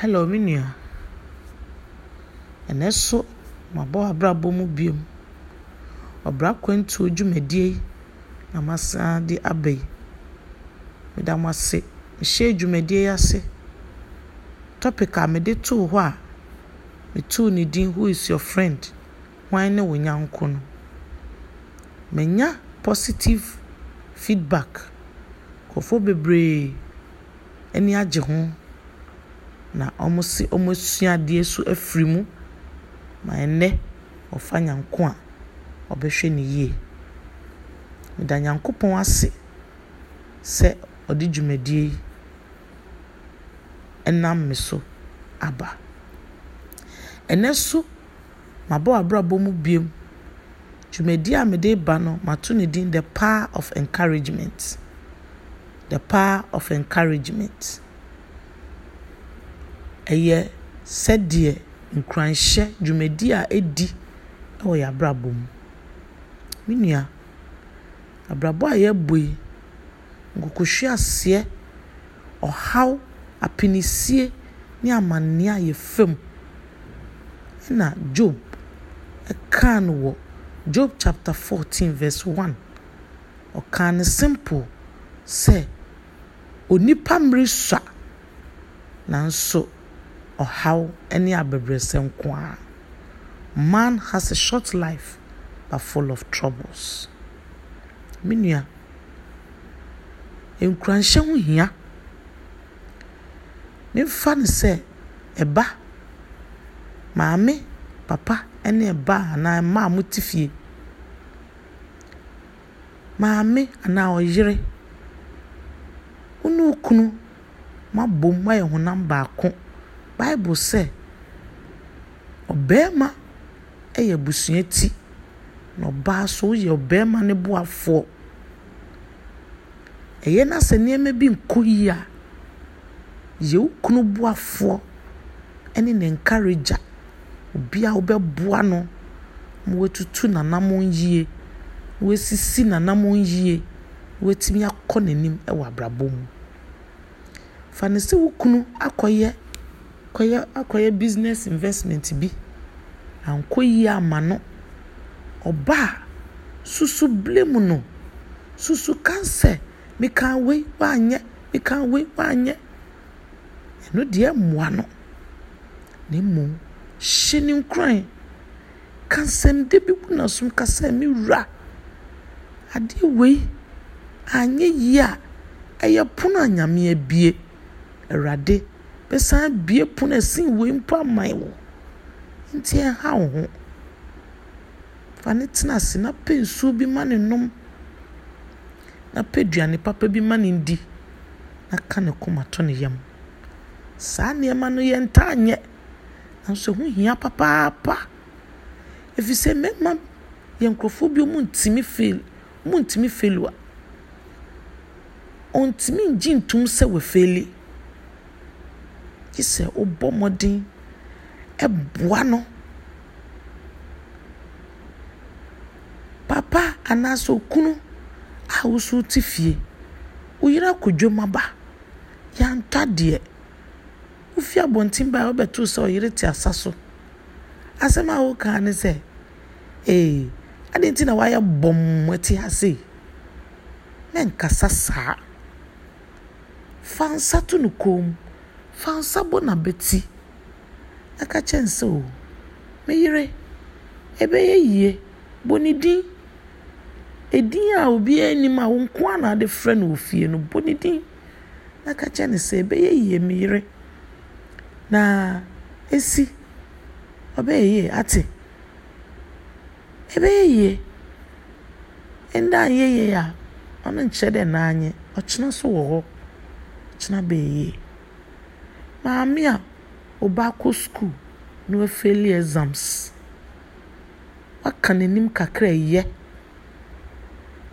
hello me nua ɛnɛ so mabɔ w'abrabɔ mu biom ɔbra kwantuo dwumadie yi na masan de aba yi meda mo ase mehyɛ dwumadie yi ase topic a mede too hɔ a metoo ne din who is your friend hwan ne wo nyanko no manya positive feedback nkurɔfoɔ bebree ani agye ho na wɔsi wɔn asuadeɛ nso afiri mu ma nnɛ wɔfa nyanko a ɔbɛhwɛ no yie. Meda Nyankopɔn ase sɛ ɔde dwumadie yi nam me so aba. Ɛnnɛ nso mabɔ w'abrabɔ mu bio. Dwumadie a mede reba no, mato no din the power of encouragement. The power of encouragement. Ɛyɛ sɛdeɛ nkranhyɛ dwumadi a edi ɛwɔ yɛn abrabɔ mu. Me nua, abrabɔ a yɛabɔ yi, nkokohweaseɛ, ɔhaw, apenisie ne amanneɛ a yɛfa mu ɛna Job ɛkaa no wɔ Job chapter fourteen verse one. Ɔkaa no simple sɛ onipa mmere sua nanso. ɔhaw ne abɛbrɛsɛ nko ara. Man has a short life but full of troubles. Me nua, nkuranhyɛ ho hia. Memfa no sɛ ɛba, maame, papa ne ɛba anaa mma a mote fie. Maame anaa ɔyere, wo ne wo kunu moabom honam baako. bible sɛ ɔbarima yɛ abusua ti na ɔbaa nso woyɛ ɔbarima no boafoɔ ɛyɛ na sɛ nneɛma bi nkɔ yie a yɛ wo kunu boafoɔ ne ne encourager obi a no na watutu n'anammɔn yie wasisi n'anammɔn yie watumi akɔ n'anim wɔ abrabɔ mu fa ne sɛ wo akɔyɛ akɔyɛ akɔyɛ business investment bi ankɔ yie ama no ɔbaa susu blame no susu cancer mekan wei wanyɛ mekan wei wanyɛ ɛno deɛ mmoa no na mmom hyɛ ne nkuran bi bu nasom kasa mi wura adeɛ wei anyɛ yie a ɛyɛ pono a nyame awurade bɛsan abue pono a sin wei mpo aman wo nti ɛha wo ho fa ne tena ase na pɛ nsuo bi ma ne nom na pɛ duane papa bi ma ne di na ka ne kɔn ato ne yam saa nneɛma no yɛ ntaa nyɛ nanso ho hia papaapa efi sɛ mmarima yɛ nkurɔfoɔ bi ɔmo ntumi fail ɔmo ntumi failua ɔntumi ngye ntum sɛ wɔfaili. gye sɛ wobɔ mmɔden boa no papa anaasɛ okunu a woso te fie wo yere akɔ dwom aba yɛantɔ adeɛ wofi abɔnten baa wobɛtoo sɛ ɔyere te asa so asɛm a wokaa ne sɛ ee adɛn nti na woayɛ bɔmm ati ha sei saa fa nsa to no kɔn mu fa nsa bɔ na bɛti na ka kyɛn sɛ o me yere ɛbɛyɛ yie bɔ ne din edin a obiara anim a na ade frɛ no wɔ no bɔ ne din na ka kyɛn sɛ ɛbɛyɛ yie na esi ɔbɛyɛ yie ate ɛbɛyɛ yie nda anyɛ yie a ɔno nkyerɛ dɛ naanyɛ ɔkyena so wɔ hɔ ɔkyena bɛyɛ yie. maame a ɔbaakɔ sukuu na wafeeli exams waka n'anim kakra ɛyɛ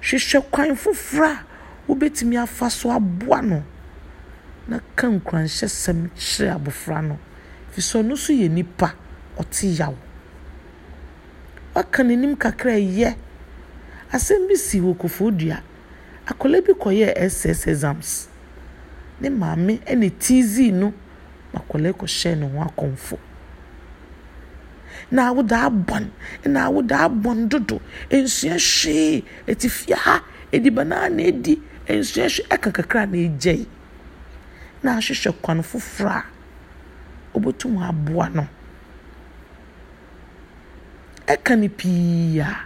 hwehwɛ kwan foforɔ a wobɛtumi afa so aboa no na ka nkuranhyɛsɛm kyerɛ abɔfra no fi sɛ ɔno nso yɛ nipa ɔte yaw waka n'anim kakra ɛyɛ asɛm bi si wɔ dua. akwadaa bi kɔyɛɛ ss exams ne maame ɛna tiizii no. akwadaa kɔhyɛɛ ne ho akɔmfo na awoda abɔn na awoda abɔn dodo nsua hwee eti fia ha ediba na edi nsua hwee ɛka kakra na egya yi na ahyehyɛ kwan foforɔ a obotum aboa no ɛka ne pii a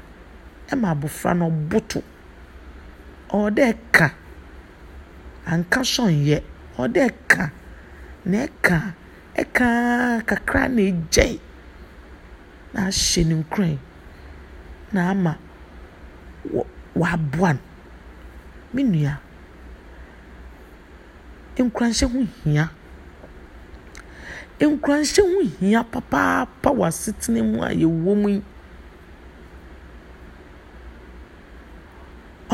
ɛma abofra no ɔboto ɔwɔ dɛ ɛka anka sɔnyɛ ɔwɔ dɛ ɛka. na ɛka ɛka kakra na egyae na ahyɛ ne nkuran na ama wɔ waboa no me nua nkuranhyɛ ho hia nkuranhyɛ ho hia papaapa wɔ asetena mu a yɛwɔ mu yi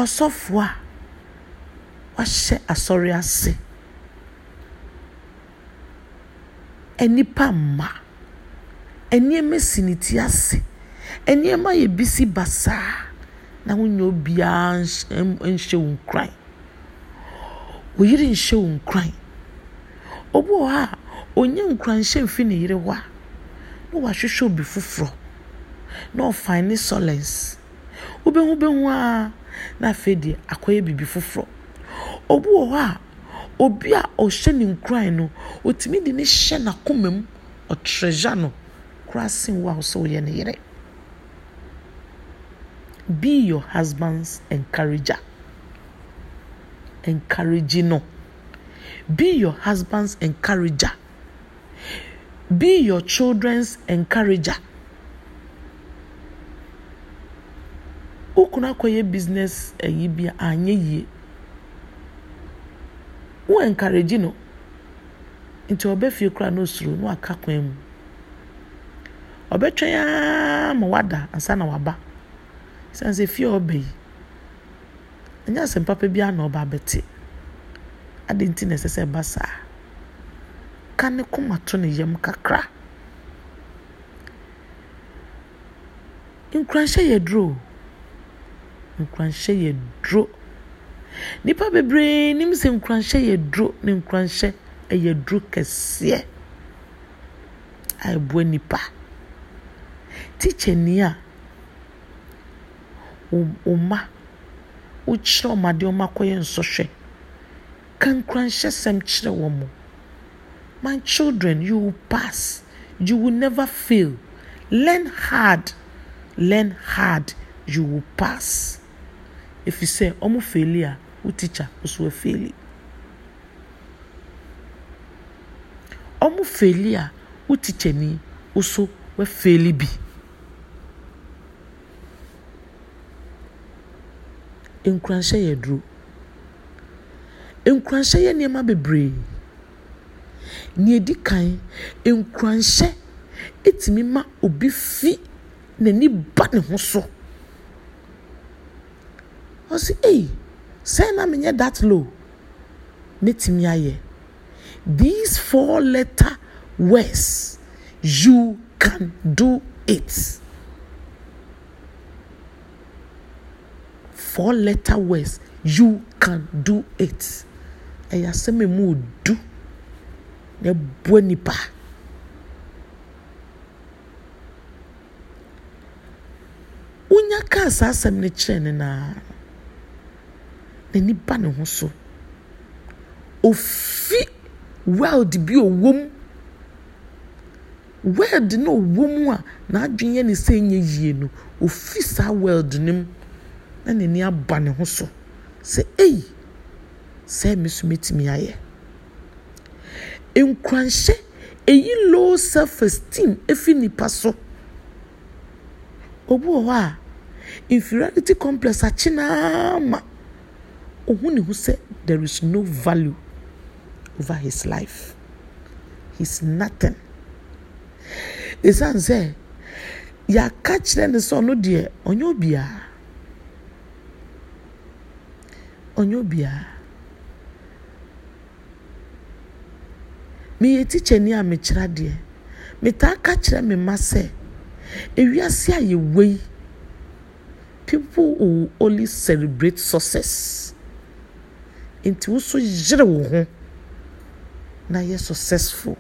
ɔsɔfoɔ a wahyɛ asɔre ase. nnipa mma nneɛma si ne ti ase nneɛma yɛ bisi basaa na wonyɛ obiara nhyɛ wo nkran oyiri yere nhyɛ wo nkran obi wɔ a onye nkranhyɛ nshe ne yere hɔ a na wahwehwɛ obi foforɔ na ɔfan ne solace wobɛhu bɛhu a na afei deɛ akɔyɛ biribi foforɔ obi wɔ hɔ a obi a ɔhyɛ ne nkuran no otumi de ne hyɛ n'akoma mu ɔtrɛgya no koraa sen wo a ɔyɛ ne yere be your husband's encourager encourage no be your husband's encourager be your children's encourager wokunu akɔyɛ business ɛyi bi a anyɛ yie. mo encourage no nti ɔbɛfie koraa na osuru na waka kwan mu ɔbɛtwɛn aa ma wada asa na waba san sɛ fie ɔba yi ɛnyɛ asɛm papa bi ana ɔba abɛte adi nti na ɛsɛ sɛ ɛba saa ka ne kɔma to ne yam kakra nkuranhyɛ yɛ duro nkuranhyɛ yɛ duro. nipa bebree nim sɛ nkuranhyɛ yɛ duro ne nkuranhyɛ ɛyɛ duro kɛseɛ a ɛboa nipa tikyɛni a ɔma wokyerɛ ɔmo adeɛ ɔmo akɔyɛ nsɔhwɛ ka nkuranhyɛ sɛm kyerɛ wɔn mo my children you will pass you will never fail learn hard learn hard you will pass efisɛ ɔmo failure wo teacher nso afeeli ɔmo feeli a wo teacher ni nso wafeeli bi nkuranhyɛ yɛ duro nkuranhyɛ yɛ nneɛma bebree nea edi kan nkuranhyɛ etumi ma obi fi n'ani ba ne ho so ɔsi eyi. Hey, sɛ na menyɛ that low mɛtumi ayɛ these four letter words you can do it four letter words you can do it ɛyɛ asɛm emu odu na ebue nipa. wonya kaa saa asɛm no kyerɛ n'ani ba ne ho so ofi world bi ɔwɔ mu world na ɔwɔ mu a n'adwene yɛ ne sɛ nyɛ yie no ofi saa world no mu na n'ani aba ne ho so sɛ eyi sɛ mi so metumi ayɛ nkranhyɛ eyi low self esteem efi nipa so obi wɔ hɔ a inferiority complex akyi naa ma ohun ne ho sɛ there is no value over his life he's nothing ɛsiane sɛ yɛaka kyerɛ ne sɛ ɔno deɛ ɔnyɛ obiara ɔnyɛ obiara meyɛ tikyani a mekyerɛ adeɛ metaa ka kyerɛ me ma sɛ ewiase a yɛwɔ yi people will only celebrate success. nti wo so yere wo ho na yɛ successful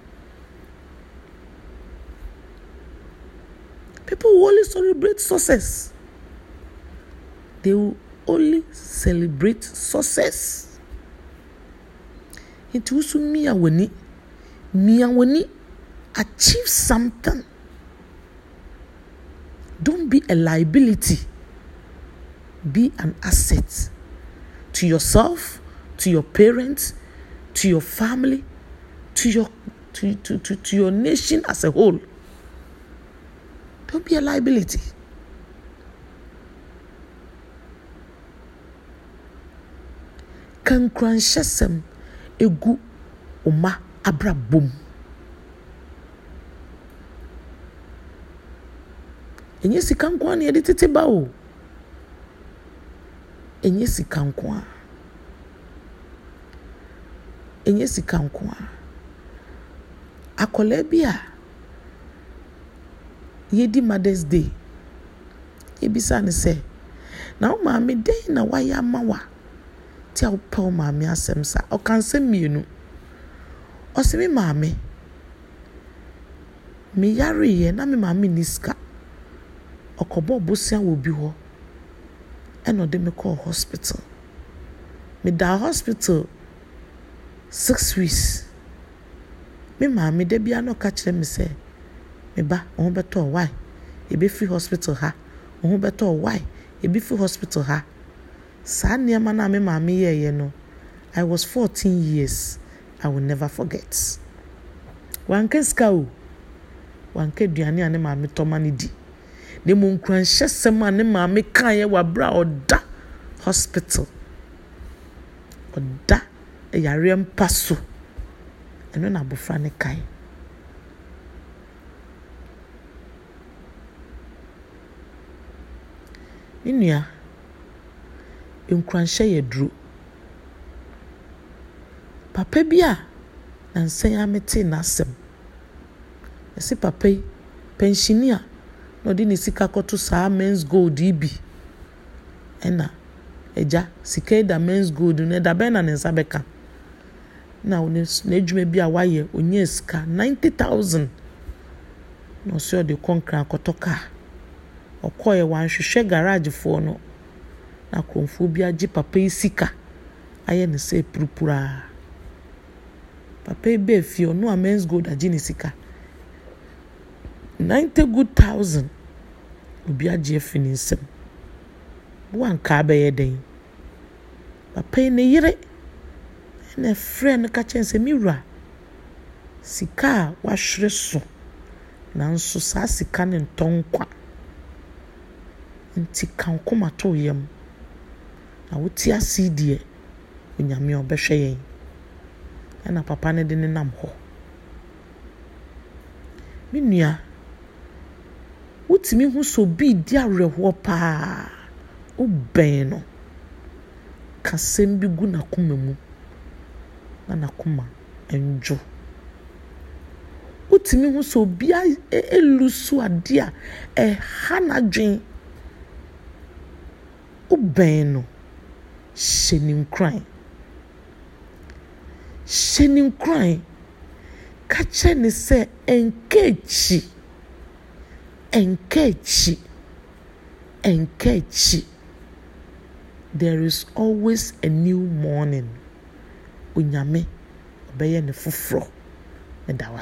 people will only celebrate success they will only celebrate success nti wo mia w'ani mia w'ani achieve something don't be a liability be an asset to yourself to your parents, to your family, to your to, to, to, to your nation as a whole. Don't be a liability. Kankranhyɛsɛm egu ɔma abrabom. Ɛnyɛ sika nko a na yɛde tete ba o. Enye sika nko ɛnyɛ sika nko a akwadaa bi a yɛdi mothers day yɛbisa no sɛ na wo maame dɛn na wayɛ ama wa te a wopɛ wo maame asɛm sa ɔka nsɛm mmienu ɔsɛ me maame meyareeɛ na me maame ni sika ɔkɔbɔɔ bosea wɔ bi hɔ ɛna ɔde me kɔɔ hospital da hospital six weeks me maame da bia no ɔka kyerɛ me sɛ me ba wo ho bɛtɔɔ wae yɛbɛfiri hospital ha wo ho bɛtɔɔ wae yɛbɛfiri hospital ha saa nneɛma na a me maame yɛɛyɛ no i was fourteen years i will never forget wanka sika o wanka aduane a ne maame tɔma no di na mmom nkuranhyɛsɛm a ne maame ka wɔ aberɛ ɔda hospital ɔda yareɛ mpa so ɛno na abɔfra no kae ne nua nkuranhyɛ yɛ duro papa bi a nansa yi ametee n'asɛm ɛsi papa yi pɛnhyini a na ɔde ne sika kɔto saa men's gold yi bi ɛna ɛgya sika yi da men's gold no ɛda bɛn na ne nsa bɛka na n'edwuma bi a wayɛ onye sika ninety thousand na ɔsɛ ɔde kɔ nkran akɔtɔ kaa ɔkɔɛ wanhwehwɛ garage foɔ no na kurɔmfoɔ bi agye papa yi sika ayɛ ne sɛ purupuraa papa yi bɛɛ fie ɔno a men's gold agye ne sika ninety good thousand obi agye afi ne nsam wankaa bɛyɛ den papa yi ne yere. na ɛfrɛ no ka sɛ me sika a wahwere so nanso saa sika no ntɔ nkwa nti ka wo koma to yam na wote ase deɛ onyame ɔbɛhwɛ yɛn ɛna papa no de ne nam hɔ me nua wotumi ho sɛ obi di awerɛhoɔ paa wobɛn no kasɛm bi gu n'akoma mu na n'akoma ndwo wotumi ho sɛ obia e, elu so adeɛ a ɛha e n'adwen wobɛn no hyɛ ne nkuran hyɛ ne nkuran ka ne sɛ ɛnka akyi ɛnka akyi ɛnka akyi there is always a new morning onyame ɔbɛyɛ no foforɔ meda wo